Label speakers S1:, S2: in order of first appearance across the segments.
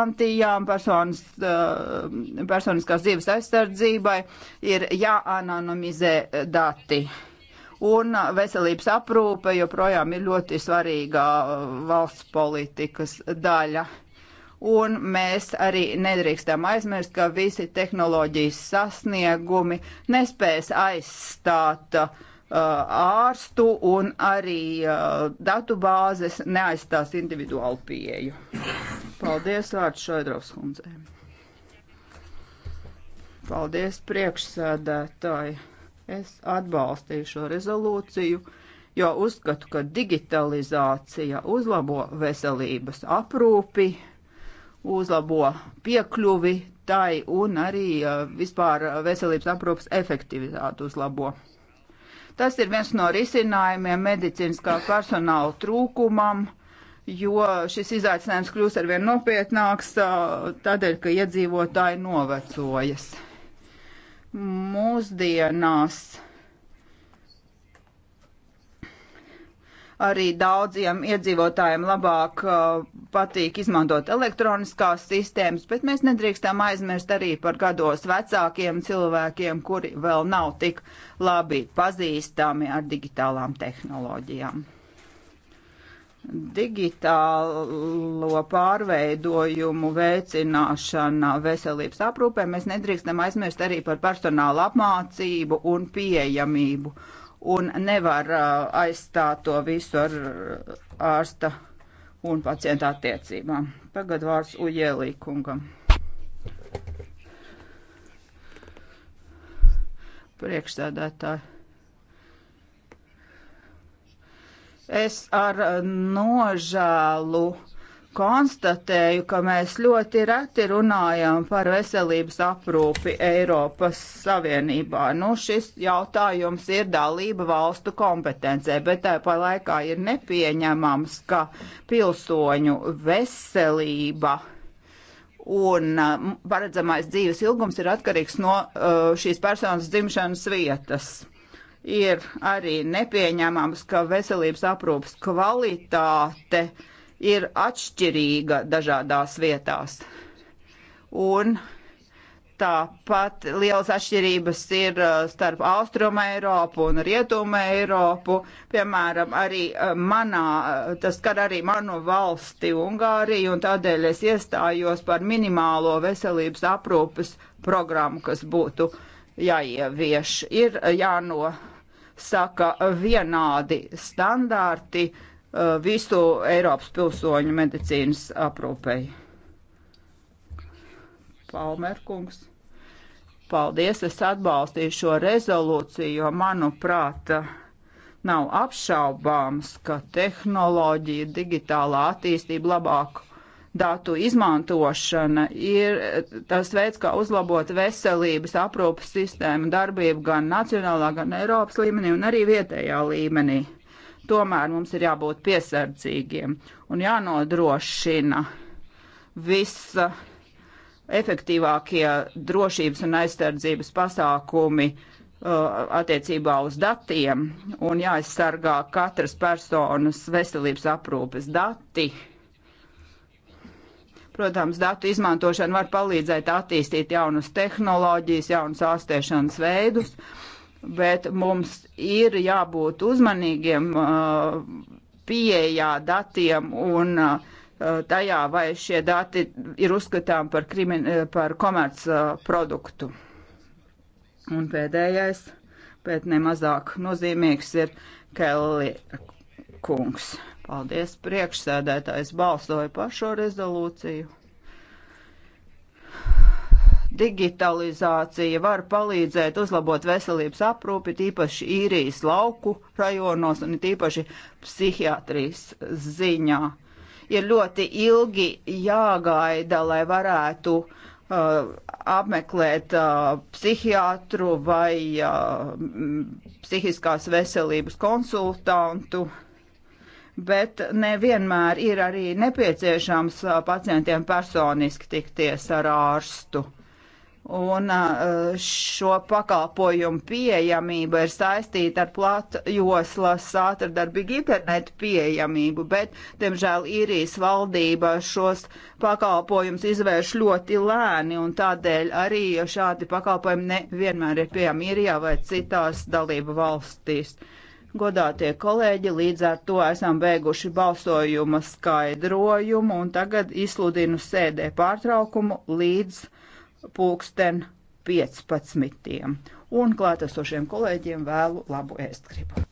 S1: garantijām, personas, eh, personiskās dzīves aizsardzībai ir jāanonimizē dati. Un eh, veselības aprūpe joprojām ir ļoti svarīga eh, valsts politikas daļa. Un mēs arī nedrīkstam aizmirst, ka visi tehnoloģijas sasniegumi nespēs aizstāt uh, Uh, ārstu un arī uh, datu bāzes neaizstās individuālu pieeju. Paldies vārds Šoidrovs kundzei. Paldies priekšsēdētāji. Es atbalstīju šo rezolūciju, jo uzskatu, ka digitalizācija uzlabo veselības aprūpi, uzlabo piekļuvi tai un arī uh, vispār veselības aprūpas efektivitāti uzlabo. Tas ir viens no risinājumiem medicīniskā personāla trūkumam, jo šis izaicinājums kļūs arvien nopietnāks tādēļ, ka iedzīvotāji novecojas. Mūsdienās arī daudziem iedzīvotājiem labāk uh, patīk izmantot elektroniskās sistēmas, bet mēs nedrīkstam aizmirst arī par gados vecākiem cilvēkiem, kuri vēl nav tik labi pazīstami ar digitālām tehnoloģijām. Digitālo pārveidojumu veicināšana veselības aprūpē mēs nedrīkstam aizmirst arī par personāla apmācību un pieejamību. Uh, un nevar aizstāt to visu ar ārsta un pacienta attiecībām. Tagad vārds Ujelī kungam. Priekšsēdētāji. Es ar nožēlu uh, konstatēju, ka mēs ļoti reti runājam par veselības aprūpi Eiropas Savienībā. Nu, šis jautājums ir dalība valstu kompetencē, bet tāpā laikā ir nepieņemams, ka pilsoņu veselība un um, paredzamais dzīves ilgums ir atkarīgs no uh, šīs personas dzimšanas vietas ir arī nepieņemams, ka veselības aprūpas kvalitāte ir atšķirīga dažādās vietās. Un tāpat liels atšķirības ir uh, starp Austrumu Eiropu un Rietumu Eiropu. Piemēram, arī uh, manā, uh, tas skar arī manu valsti Ungāriju, un tādēļ es iestājos par minimālo veselības aprūpes programmu, kas būtu jāievieš. Ir jāno saka vienādi standarti Uh, visu Eiropas pilsoņu medicīnas aprūpei. Palmerkungs. Paldies, es atbalstīju šo rezolūciju, jo manuprāt, nav apšaubāms, ka tehnoloģija, digitālā attīstība, labāku datu izmantošana ir tas veids, kā uzlabot veselības aprūpas sistēmu darbību gan nacionālā, gan Eiropas līmenī un arī vietējā līmenī. Tomēr mums ir jābūt piesardzīgiem un jānodrošina visa efektīvākie drošības un aizsardzības pasākumi uh, attiecībā uz datiem un jāaizsargā katras personas veselības aprūpes dati. Protams, datu izmantošana var palīdzēt attīstīt jaunas tehnoloģijas, jaunas ārstēšanas veidus, uh, bet mums ir jābūt uzmanīgiem uh, pieejā datiem un uh, tajā, vai šie dati ir uzskatām par, krimin, uh, par komerc produktu. Un pēdējais, bet nemazāk nozīmīgs, ir Kelly kungs. Paldies, priekšsēdētājs balsoja par šo rezolūciju Digitalizācija var palīdzēt uzlabot veselības aprūpi, tīpaši īrijas lauku rajonos un tīpaši psihiatrijas ziņā. Ir ļoti ilgi jāgaida, lai varētu uh, apmeklēt uh, psihiatru vai uh, psihiskās veselības konsultantu bet nevienmēr ir arī nepieciešams uh, pacientiem personiski tikties ar ārstu un šo pakalpojumu pieejamība ir saistīta ar platjoslas ātrdarbīgu internetu pieejamību, bet, diemžēl, īrijas valdība šos pakalpojumus izvērš ļoti lēni, un tādēļ arī šādi pakalpojumi nevienmēr ir pieejami īrijā vai citās dalību valstīs. Godātie kolēģi, līdz ar to esam beiguši balsojuma skaidrojumu, un tagad izsludinu sēdē pārtraukumu līdz pulksten 15. Un klātesošiem kolēģiem vēlu labu ēstgribu.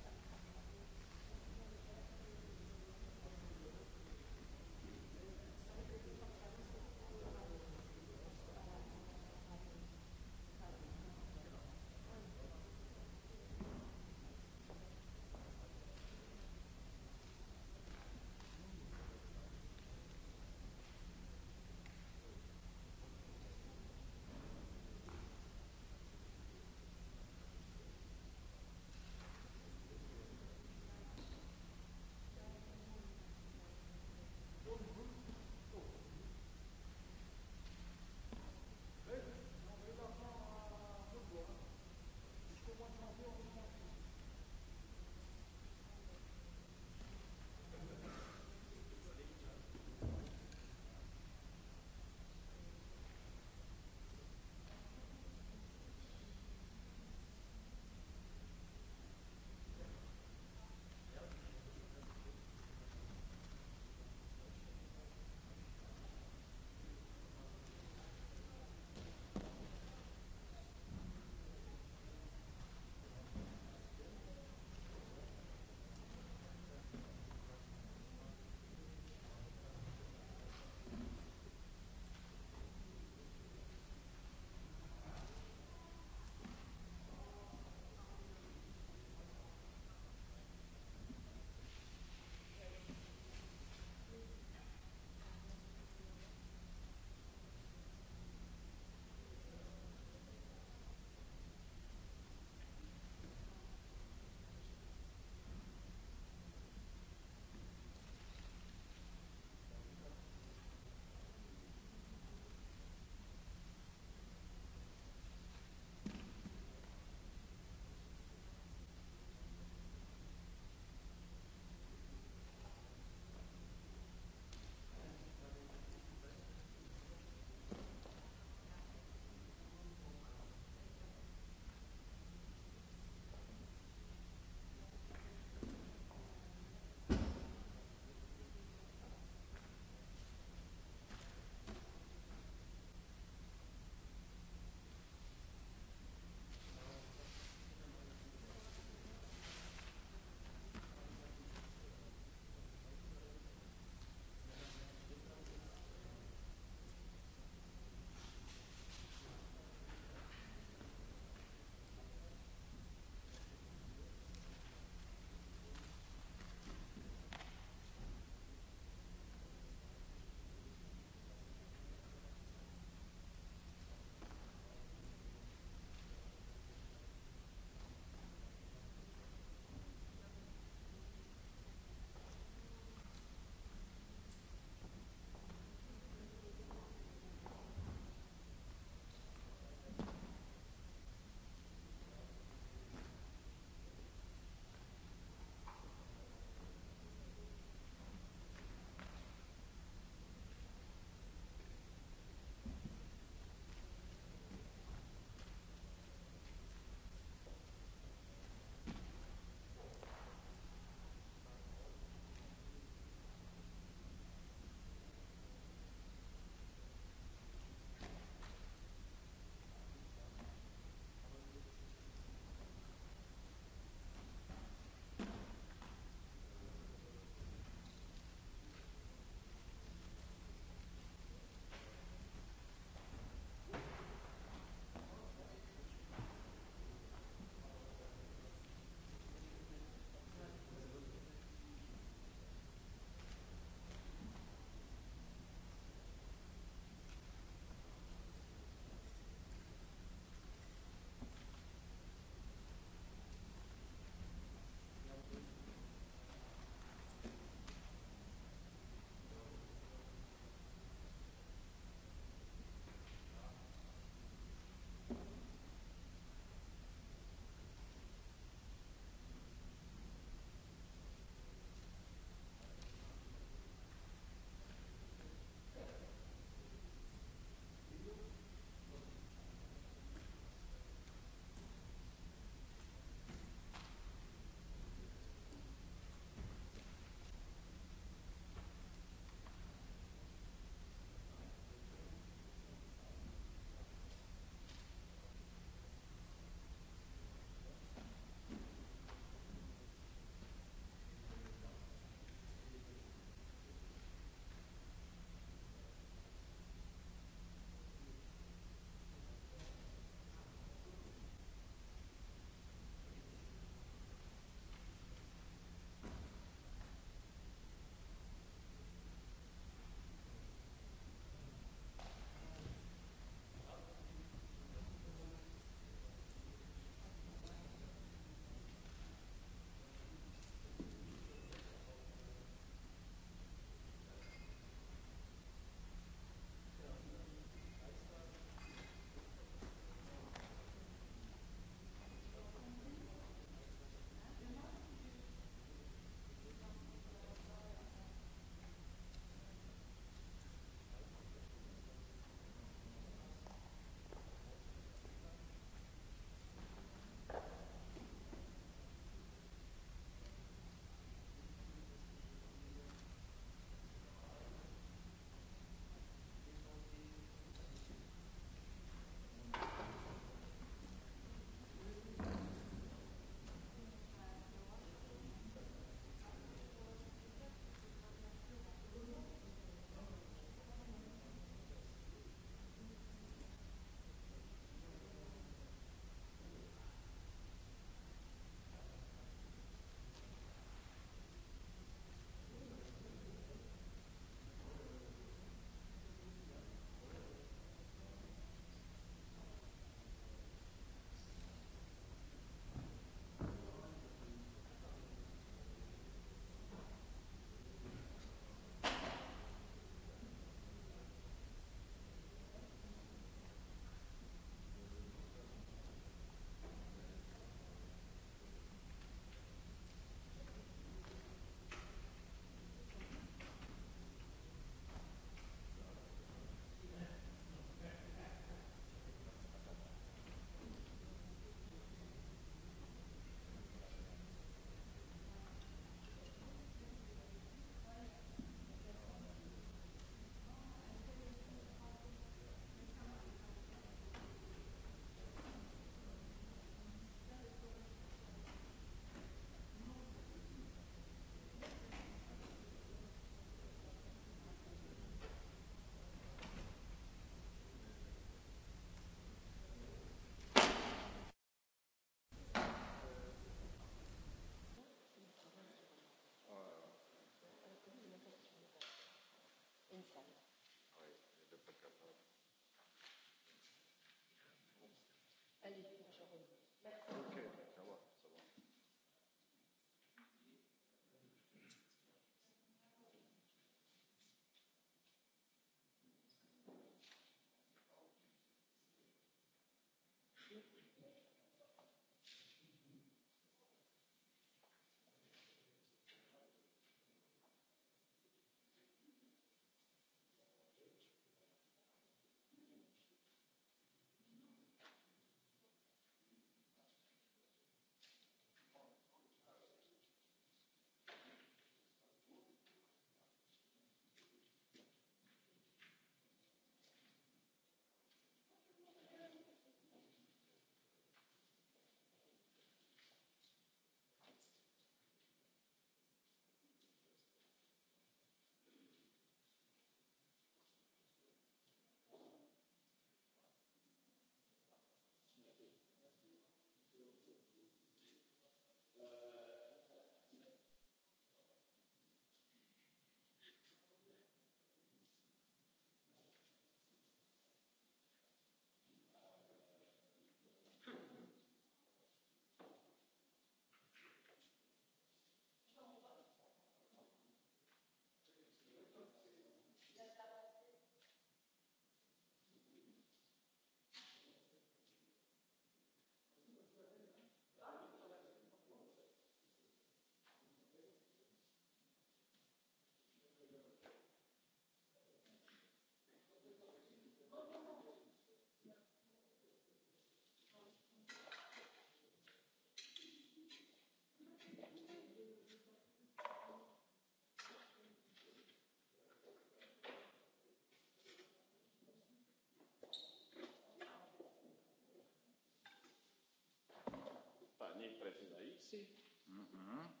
S1: diskusiju. Mm -hmm.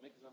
S2: make some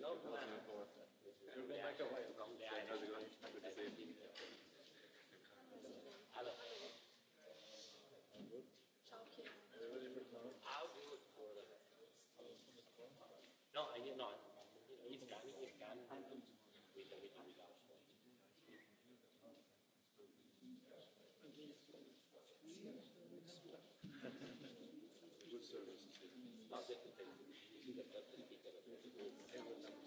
S2: no plan. Good service. Not that the thing. You see the person, you get the person.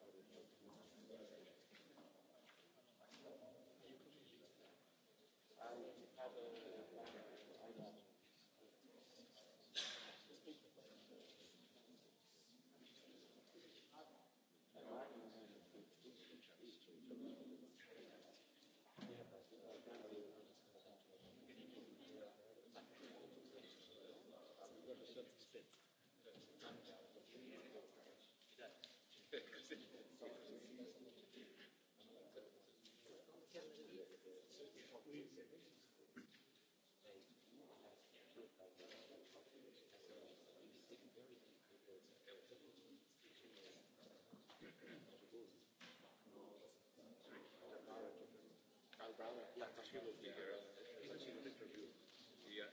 S2: Yeah,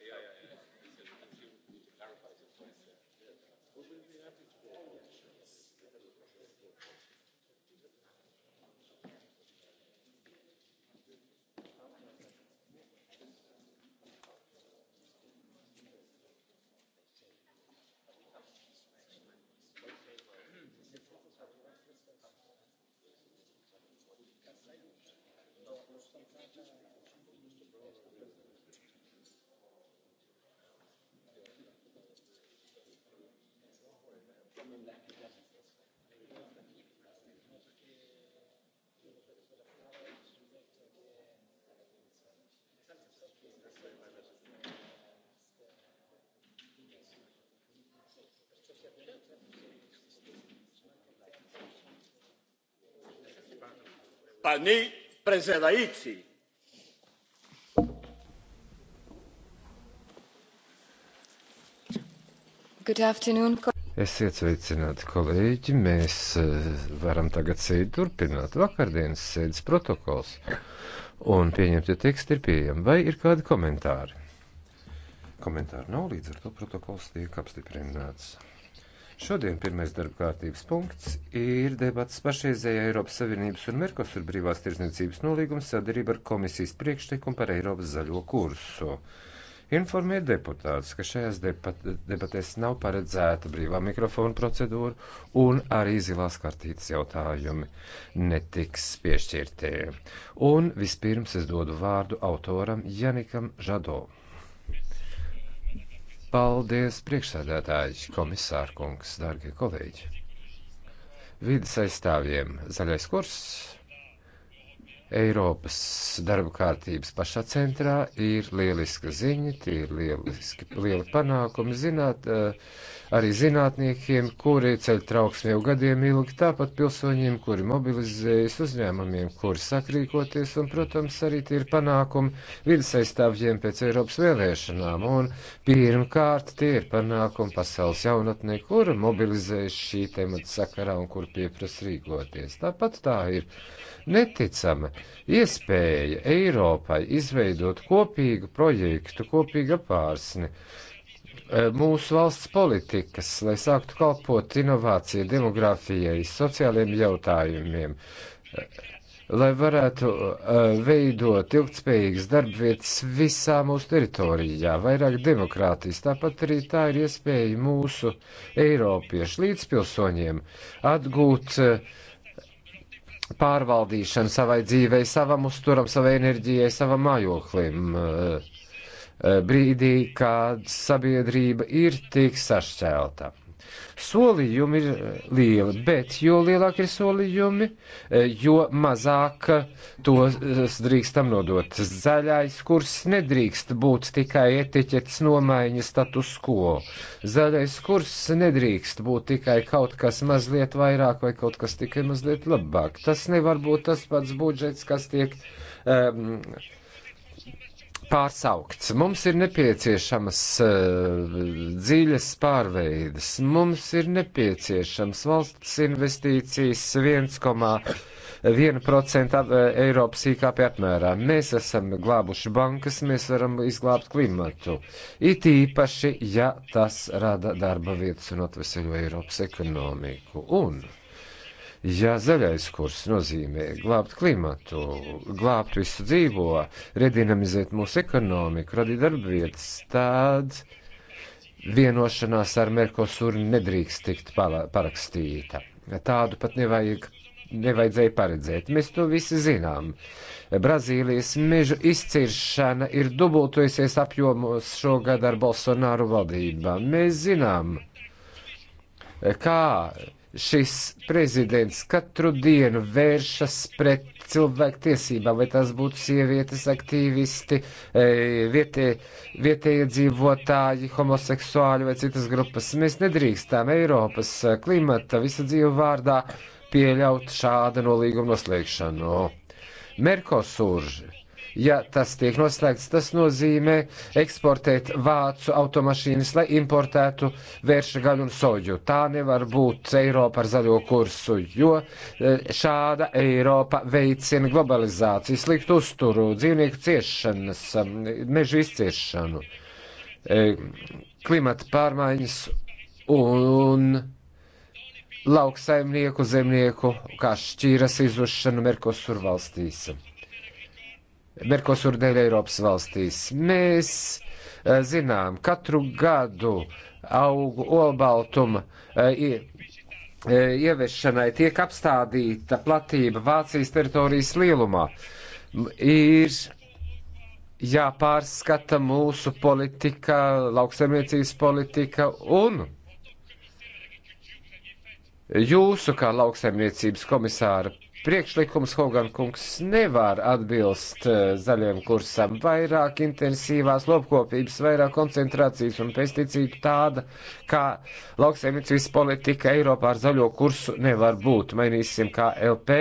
S2: yeah, yeah. yeah. He said she would need to clarify some points there. Well, we'll be happy to go. pani prezedajci
S3: Esiet sveicināti, kolēģi. Mēs eh, varam tagad sēdi turpināt. Vakardienas sēdes protokols un pieņemtie teksti ir pieejami. Vai ir kādi komentāri? Komentāru nav, līdz ar to protokols tiek apstiprināts. Šodien pirmais darba kārtības punkts ir debats pašreizējā Eiropas Savienības un Merkosur brīvās tirzniecības nolīgums sadarība ar komisijas priekšlikumu par Eiropas zaļo kursu. Informēt deputātus, ka šajās debat debatēs nav paredzēta brīvā mikrofona procedūra un arī zilās kartītes jautājumi netiks piešķirtie. Un vispirms es dodu vārdu autoram Janikam Žadovam. Paldies, priekšsēdētāji, komisārkungs, dārgie kolēģi. Vides aizstāvjiem zaļais kurs Eiropas darba kārtības pašā centrā ir lieliska ziņa, tie ir lieliski, lieli panākumi, zināt, eh, arī zinātniekiem, kuri ceļ trauksmi jau gadiem ilgi, tāpat pilsoņiem, kuri mobilizējas, uzņēmumiem, kuri sakrīkoties, un, protams, arī tie ir panākumi vidas aizstāvjiem pēc Eiropas vēlēšanām. Un pirmkārt, tie ir panākumi pasaules jaunatnē, kuri mobilizējas šī temata sakarā un kur pieprasa rīkoties. Tāpat tā ir neticama iespēja Eiropai izveidot kopīgu projektu, kopīgu apārsni mūsu valsts politikas, lai sāktu kalpot inovācijai, demografijai, sociāliem jautājumiem, lai varētu eh, veidot ilgtspējīgas darbvietas visā mūsu teritorijā, vairāk demokrātijas. Tāpat arī tā ir iespēja mūsu eiropiešu līdzpilsoņiem atgūt eh, pārvaldīšanu savai dzīvei, savam uzturam, savai enerģijai, savam mājoklim eh, Eh, brīdī, kad sabiedrība ir tik sašķelta. Solījumi ir eh, lieli, bet jo lielāki ir solījumi, eh, jo mazāk tos drīkstam nodot. Zaļais kurs nedrīkst būt tikai etiķetes nomaiņa status quo. Zaļais kurs nedrīkst būt tikai kaut kas mazliet vairāk vai kaut kas tikai mazliet labāk. Tas nevar būt tas pats budžets, kas tiek. Um, pārsaukts. Mums ir nepieciešamas uh, dziļas pārveides, mums ir nepieciešams valsts investīcijas 1,1% eh, Eiropas IKP apmērā. Mēs esam glābuši bankas, mēs varam izglābt klimatu. It īpaši, ja tas rada darba vietas un atveseļo Eiropas ekonomiku. Un Ja zaļais kurs nozīmē glābt klimatu, glābt visu dzīvo, redinamizēt mūsu ekonomiku, radīt darbvietas, tad vienošanās ar Merkosuru nedrīkst tikt parakstīta. Tādu pat nevajag nevajadzēja paredzēt. Mēs to visi zinām. Brazīlijas meža izciršana ir dubultojusies apjomos šogad ar Bolsonaru valdībā. Mēs zinām, kā šis prezidents katru dienu vēršas pret cilvēktiesībām, vai tās būtu sievietes, aktīvisti, e, vietē, vietējie dzīvotāji, homoseksuāļi vai citas grupas. Mēs nedrīkstām Eiropas klimata visu dzīvu vārdā pieļaut šāda nolīguma noslēgšanu. Merkosūrži Ja tas tiek noslēgts, tas nozīmē eksportēt vācu automašīnas, lai importētu vērša gaļu un soļu. Tā nevar būt Eiropa ar zaļo kursu, jo e, šāda Eiropa veicina globalizāciju, sliktu uzturu, dzīvnieku ciešanas, mežu izciešanu, e, klimata pārmaiņas un lauksaimnieku zemnieku kā šķīras izušanu Merkosur valstīs. Merkosur dēļ Eiropas valstīs. Mēs eh, zinām, katru gadu augu olbaltuma eh, eh, ieviešanai tiek apstādīta platība Vācijas teritorijas lielumā. Ir jāpārskata mūsu politika, lauksaimniecības politika un jūsu kā lauksaimniecības komisāra priekšlikums Hogankungs nevar atbilst eh, zaļiem kursam. Vairāk intensīvās lopkopības, vairāk koncentrācijas un pesticīdu tāda, kā lauksaimniecības politika Eiropā ar zaļo kursu nevar būt. Mainīsim kā LP.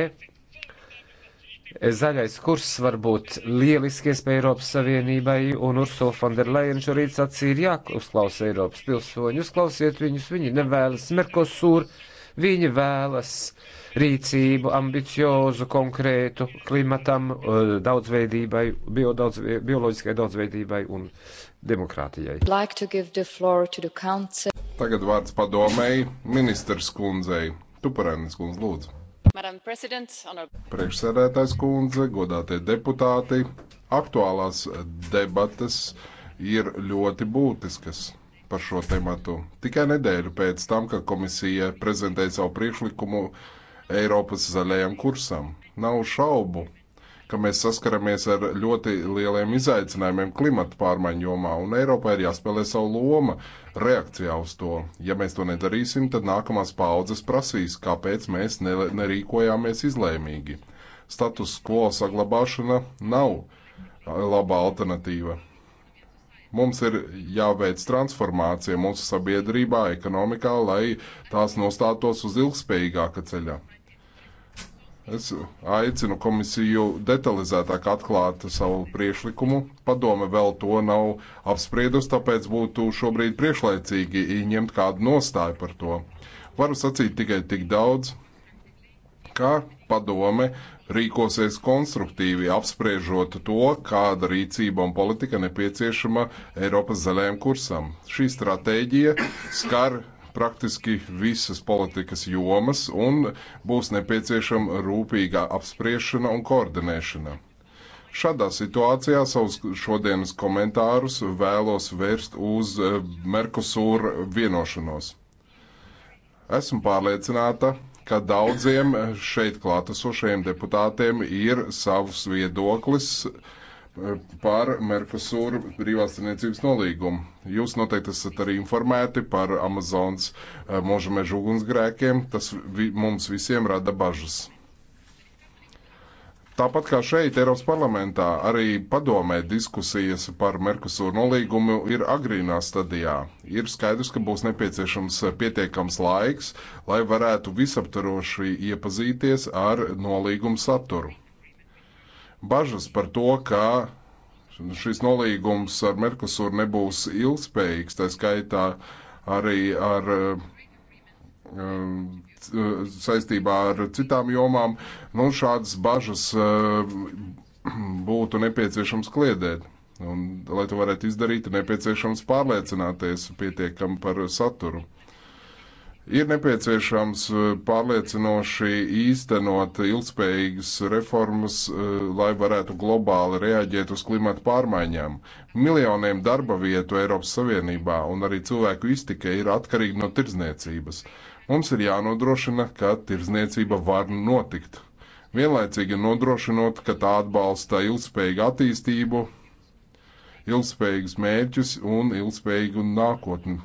S3: Zaļais kurs var būt lieliski iespēja Eiropas Savienībai, un Ursula Fonderleina šorīt sacīja, ir jāuzklausa Eiropas pilsoņi, uzklausiet viņus, viņi nevēlas Merkosūru, viņi vēlas uh, rīcību, ambiciozu, konkrētu klimatam, eh, daudzveidībai, daudz, bioloģiskai
S4: daudzveidībai un demokrātijai. Like Tagad vārds padomēji ministrs kundzei. Tuparēnis kundze, lūdzu. Priekšsēdētājs kundze, godātie deputāti, aktuālās debates ir ļoti būtiskas par šo tematu. Tikai nedēļu pēc tam, kad komisija prezentēja savu priekšlikumu Eiropas zaļajam kursam. Nav šaubu, ka mēs saskaramies ar ļoti lieliem izaicinājumiem klimata pārmaiņu jomā, un Eiropā ir jāspēlē savu loma reakcijā uz to. Ja mēs to nedarīsim, tad nākamās paudzes prasīs, kāpēc mēs ne, nerīkojāmies izlēmīgi. Status quo saglabāšana nav laba alternatīva. Mums ir jāveic transformācija mūsu sabiedrībā, ekonomikā, lai tās nostātos uz ilgspējīgāka ceļa. Es aicinu komisiju detalizētāk atklāt savu priekšlikumu. Padome vēl to nav apspriedusi, tāpēc būtu šobrīd priekšlaicīgi ieņemt kādu nostāju par to. Varu sacīt tikai tik daudz, ka padome rīkosies konstruktīvi apspriežot to, kāda rīcība un politika nepieciešama Eiropas zaļajam kursam. Šī stratēģija skar praktiski visas politikas jomas un būs nepieciešama rūpīgā apspriešana un koordinēšana. Šādā situācijā savus šodienas komentārus vēlos vērst uz eh, Merkusūra vienošanos. Esmu pārliecināta, ka daudziem šeit klātesošajiem deputātiem ir savs viedoklis, uh, par Merkusūru brīvās tirniecības nolīgumu. Jūs noteikti esat arī informēti par Amazonas eh, mūža meža ugunsgrēkiem. Tas vi, mums visiem rada bažas. Tāpat kā šeit, Eiropas parlamentā, arī padomē diskusijas par Merkusūru nolīgumu ir agrīnā stadijā. Ir skaidrs, ka būs nepieciešams pietiekams laiks, lai varētu visaptaroši iepazīties ar nolīgumu saturu bažas par to, ka šis nolīgums ar Merkusuru nebūs ilgspējīgs, tā skaitā arī ar um, saistībā ar citām jomām, nu, šādas bažas um, būtu nepieciešams kliedēt. Un, lai to varētu izdarīt, ir nepieciešams pārliecināties pietiekami par saturu. Ir nepieciešams e, pārliecinoši īstenot ilgspējīgas reformas, e, lai varētu globāli reaģēt uz klimatu pārmaiņām. Miljoniem darba vietu Eiropas Savienībā un arī cilvēku iztika ir atkarīgi no tirdzniecības. Mums ir jānodrošina, ka tirdzniecība var notikt. Vienlaicīgi nodrošinot, ka tā atbalsta ilgspējīgu attīstību, ilgspējīgus mērķus un ilgspējīgu nākotni